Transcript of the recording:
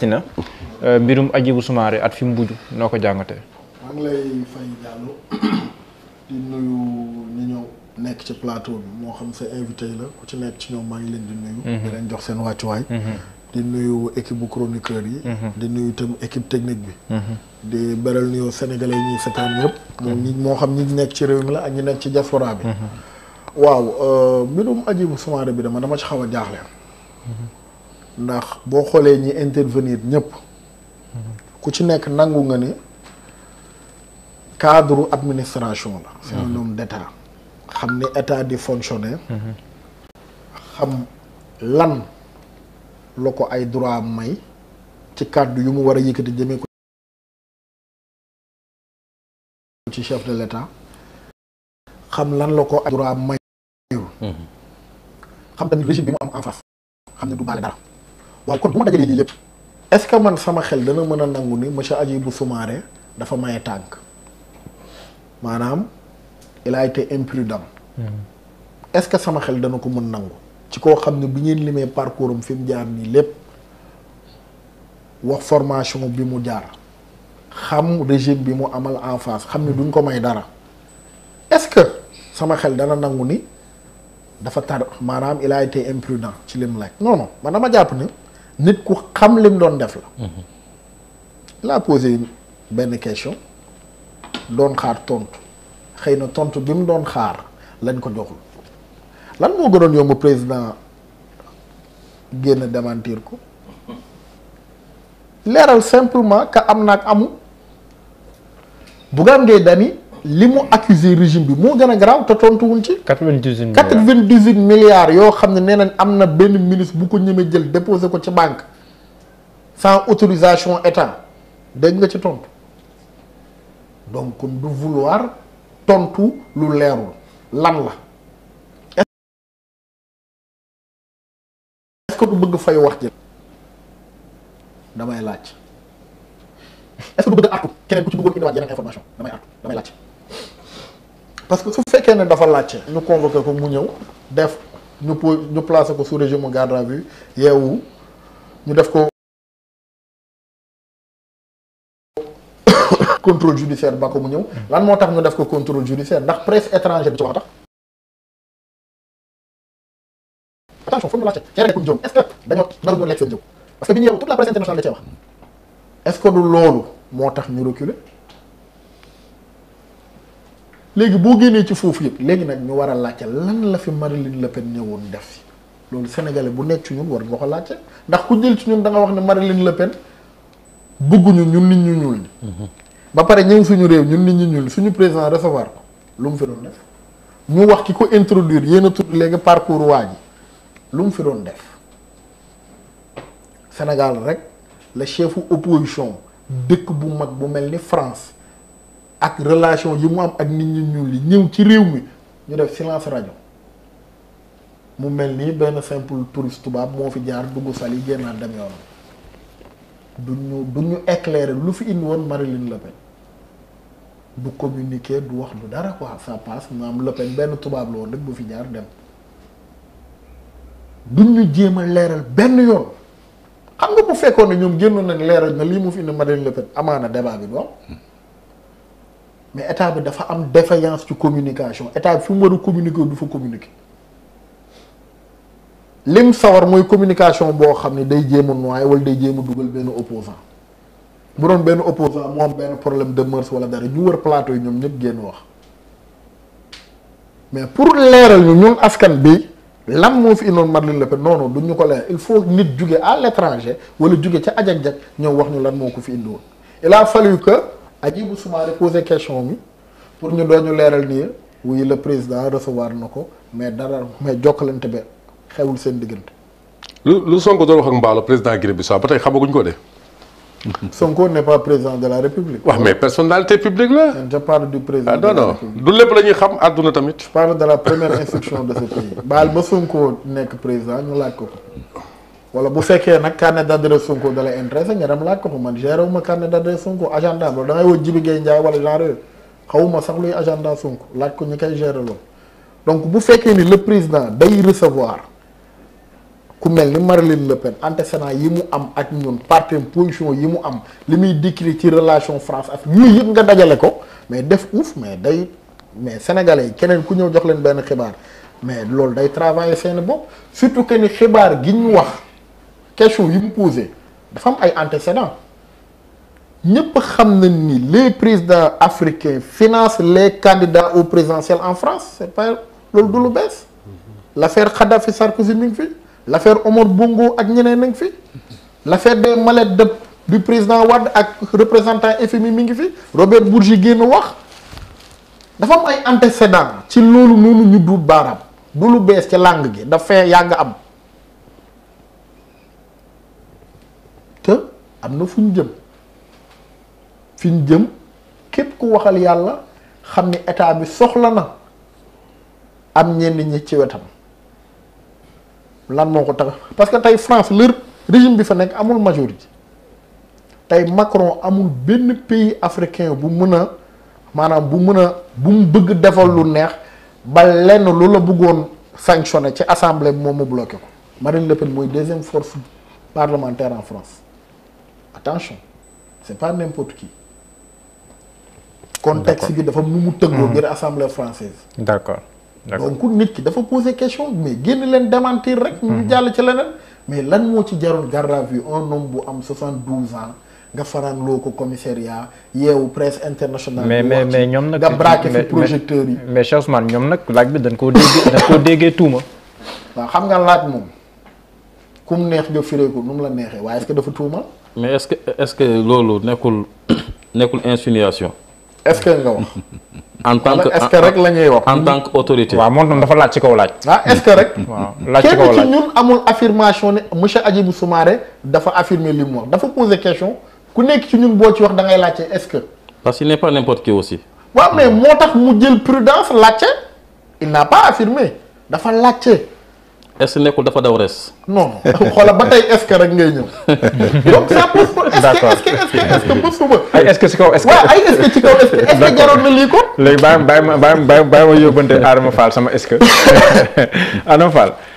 tina euh, mbirum Hadjibou Soumaré at fi mu mujj noo ko jàngatee. maa ngi lay ci plateau moo xam sa invité yi la ku ci nekk ci ñoom maa ngi leen di nuyu. Mhm. di leen jox seen wàccuwaay. Mhm. di nuyu équipe bu chroniqueur yi. Mhm. di nuyu itam équipe technique bi. di beral nuyoo sénégalais yi ñuy seetaan yëpp. moo xam ñi nekk ci réew mi la ak ñi nekk ci diaspora bi. waaw euh, mbirum Hadjibou Soumaré bi dama dama ci xaw a jaaxle. ndax boo xoolee ñi intervenir ñëpp ku ci nekk nangu nga ne cadre administration la c'est un mhm. homme d'état xam ni état di fonctionner xam lan la ko ay droit may ci kàddu yu mu war a yëkkati jëme ko ci chef de l'état xam lan la ko ay droit mhm. bi mu am en face xam ne du baale dara waaw kon bu ma dajalee lii lépp est-ce que man sama xel dana mën a nangu ni monsieur bu Soumaré dafa maye tànk maanaam il a imprudent. Hmm. est-ce que sama xel dana ko mën nangu. ci koo xam ne bu ngeen limee parcours am fi mu jaar nii lépp wax formation bi mu jaar xam régime bi mu amal en face xam ne duñ ko may dara est-ce que sama xel dana nangu ni dafa tar maanaam il a été imprudent ci lim laaj. non non man dama jàpp ni. nit ku xam lim doon def la. Mhm. laa posé benn question doon xaar tontu xëy na tontu bi mu doon xaar lañ ko joxul lan moo gënoon yomb président génn démentir ko leeral simplement ka am na ak amul Bougane Gueye Dany li mu accusé régime bi moo gën a garaaw te tontuwuñ ci. 98 milliards 98 milliards yoo xam ne nee nañ am na benn ministre bu ko ñemee jël déposé ko ci banque sans autorisation état dégg nga ci tontu donc kon du vouloir tontu lu leerul lan la. est-ce que du bëgg fay wax ji damay laaj. est-ce du bëgg a artu keneen ku ci bëggoon information damay artu damay laaj. parce que su fekkee ne dafa laajte. ñu convoqué ko mu ñëw def ñu po ñu placé ko sous régime garde à vue yeewu ñu def ko contrôle judiciaire ba ko mu ñëw. lan moo tax ñu def ko contrôle judiciaire ndax presse étrangère bi ci wax tax. attention foog ñu laajte cee rek que dañoo naruñu lekk seen la presse loolu moo tax ñu reculer. léegi boo génnee ci foofu yëpp léegi nag ñu war a laajte lan la fi Marine Le Pen ñëwoon def si loolu sénégalais bu nekk ci ñun war nga ko laajte ndax ku jël ci ñun da wax ne Marine Le Pen bëgguñu ñun nit ñu ñuul ñi mhm. ba pare ñëw suñu réew ñun nit ñu ñuul suñu président recevoir ko lu mu fi doon def ñu wax ki ko introduire yéen a tudd léegi parcours waa ji lu mu fi doon def Sénégal rek la chefu opposition dëkk bu mag bu mel ni France ak relation yi mu am ak nit ñi ñuul yi ñëw ci réew mi ñu def silence rajo mu mel ni benn simple touriste tubaab moo fi jaar dugg Saly génnaat dem yoonam duñu duñu éclairer lu fi indi woon Marine Le Pen du communiquer du wax lu dara quoi ça passe maanaam Le Pen benn tubaab la woon rek bu fi jaar dem duñu jéem a leeral benn yoon xam nga bu fekkoon ne ñoom génnoon nañ leeral na lii mu fi indi Marine Le Pen amaana débat bi doom mais état bi dafa am défaillance ci communication état bi fu mu war a communiquer du fa communiquer lim sawar mooy communication boo xam ne day jéem a noyyi wala day jéem a dugal benn opposant bu doon benn opposant moo am benn problème de mœurs wala dara ñu wër plateau yi ñoom ñëpp génn wax mais pour leeral ñu ñun askan bi lan moo fi indoon Marine Le Pen non non duñ ñu ko leer il faut nit juge à l'étranger wala juge ca ajak-jak ñëw wax ñu lan moo ko fi indiwoon Hadjibou Soumaré posé question bi pour ñu doon ñu leeral nii oui la président recevoir na ko mais dara mais jokkalante ba xewul seen diggante. lu lu Sonko doon wax ak Mballo président Guinée-Bissau ba tey xamaguñ ko de. Sonko n'est pas président de la République. waaw mais personnalité publique la. je parle du président ah, non, de du lépp la ñuy xam àdduna tamit. je parle de la première institution de ce pays. baal ba Sonko nekk président ñu laaj ko ko. wala bu fekkee nag carnet d'adresse Sonko da lay intéressé nga dem laaj ko fa man géré wu ma carnet d'adresse Sonko agenda am loolu da ngay woo Jibi Gueye Ndiaye wala genre yooyu xawuma sax luy agenda Sonko laaj ko ñu koy géré loolu donc bu fekkee ni le président day recevoir ku mel ni Marine Le Pen antécédent yi mu am ak ñun parti position yi mu am li muy décrit ci relation France ak ñun yëpp nga dajale ko mais def ouf mais day mais sénégalais yi keneen ku ñëw jox leen benn xibaar mais loolu day travailler seen bopp surtout que xibaar gi ñu wax. question yi mu posé dafa am ay antécédents ñëpp xam na ni les président africains finance les candidats au présidentiel en France c'est pas loolu du lu bees l'affaire Kadhafi Sarkozy mi ngi fi l'affaire Omar Bongo ak ñeneen a ngi fi l'affaire des mallettes de du président Wade ak représentant FMI mi ngi fi Robert Bourgi génn wax dafa am ay antécédents ci loolu noonu ñu du baaraam du lu bees ci langue gi daf fee yàgg am. am na fu ñu jëm fi ñu jëm képp ku waxal yàlla xam ni état bi soxla na am ñenn ñi ci wetam lan moo ko tax parce que tey France leur régime bi fa nekk amul majorité tey Macron amul benn pays africain bu mën a maanaam bu mën a bu mu bëgg defal lu neex ba lenn lu la bëggoon sanctionné ci assemblée bi moom mu bloqué ko Marine Le Pen mooy deuxième force parlementaire en France attention c'est pas n'importe qui. contexte bi dafa nu mu tëggoo ngir hmm. assemblée française d'accord donc nit ki dafa poser question mais génne leen démentir rek. ñu hmm. jàll ci leneen. mais lan moo ci jaroon garde à vue un homme bu am 72 ans nga faraan loo ko commissariat yeewu presse internationale. mais mais mais ñoom nag nga braqué fi projecteurs yi. mais Cheikh Ousmane ñoom nag laaj bi dañ koo déggee dañ koo déggee tuuma. waaw xam nga laaj moom kum neex nga firee ko nu mu la neexee waaye dafa tuuma. mais est-ce que est-ce que loolu nekkul nekkul insinuation. est-ce que nga wax. en tant que est-ce que rek la ñuy wax. en tant que autorité. waaw moom tam dafa laaj ci kaw laaj. ah est-ce que rek. waaw laaj ci kaw laaj kenn ci ñun amul affirmation ne monsieur Hadjibou Soumaré dafa affirmer li mu wax dafa poser question ku nekk ci ñun boo ci wax dangay ngay laajte est-ce que. parce qu'il n'est pas n'importe qui aussi. waaw mais moo tax mu jël prudence laajte il n'a pas affirmé dafa laajte. est-ce nekkul dafa daw res. non xoolal ba tey est-ce rek ngay ñëw. donc ça pose est-ce que est-ce que est-ce que pose suba. ay est-ce que ci kaw est-ce que. waaw ay est-ce que ci kaw est-ce que est-ce que jaroon na lii ko. léegi bàyyi ma bàyyi ma bàyyi ma yóbbante Adama Fall sama est-ce que Adama Fall.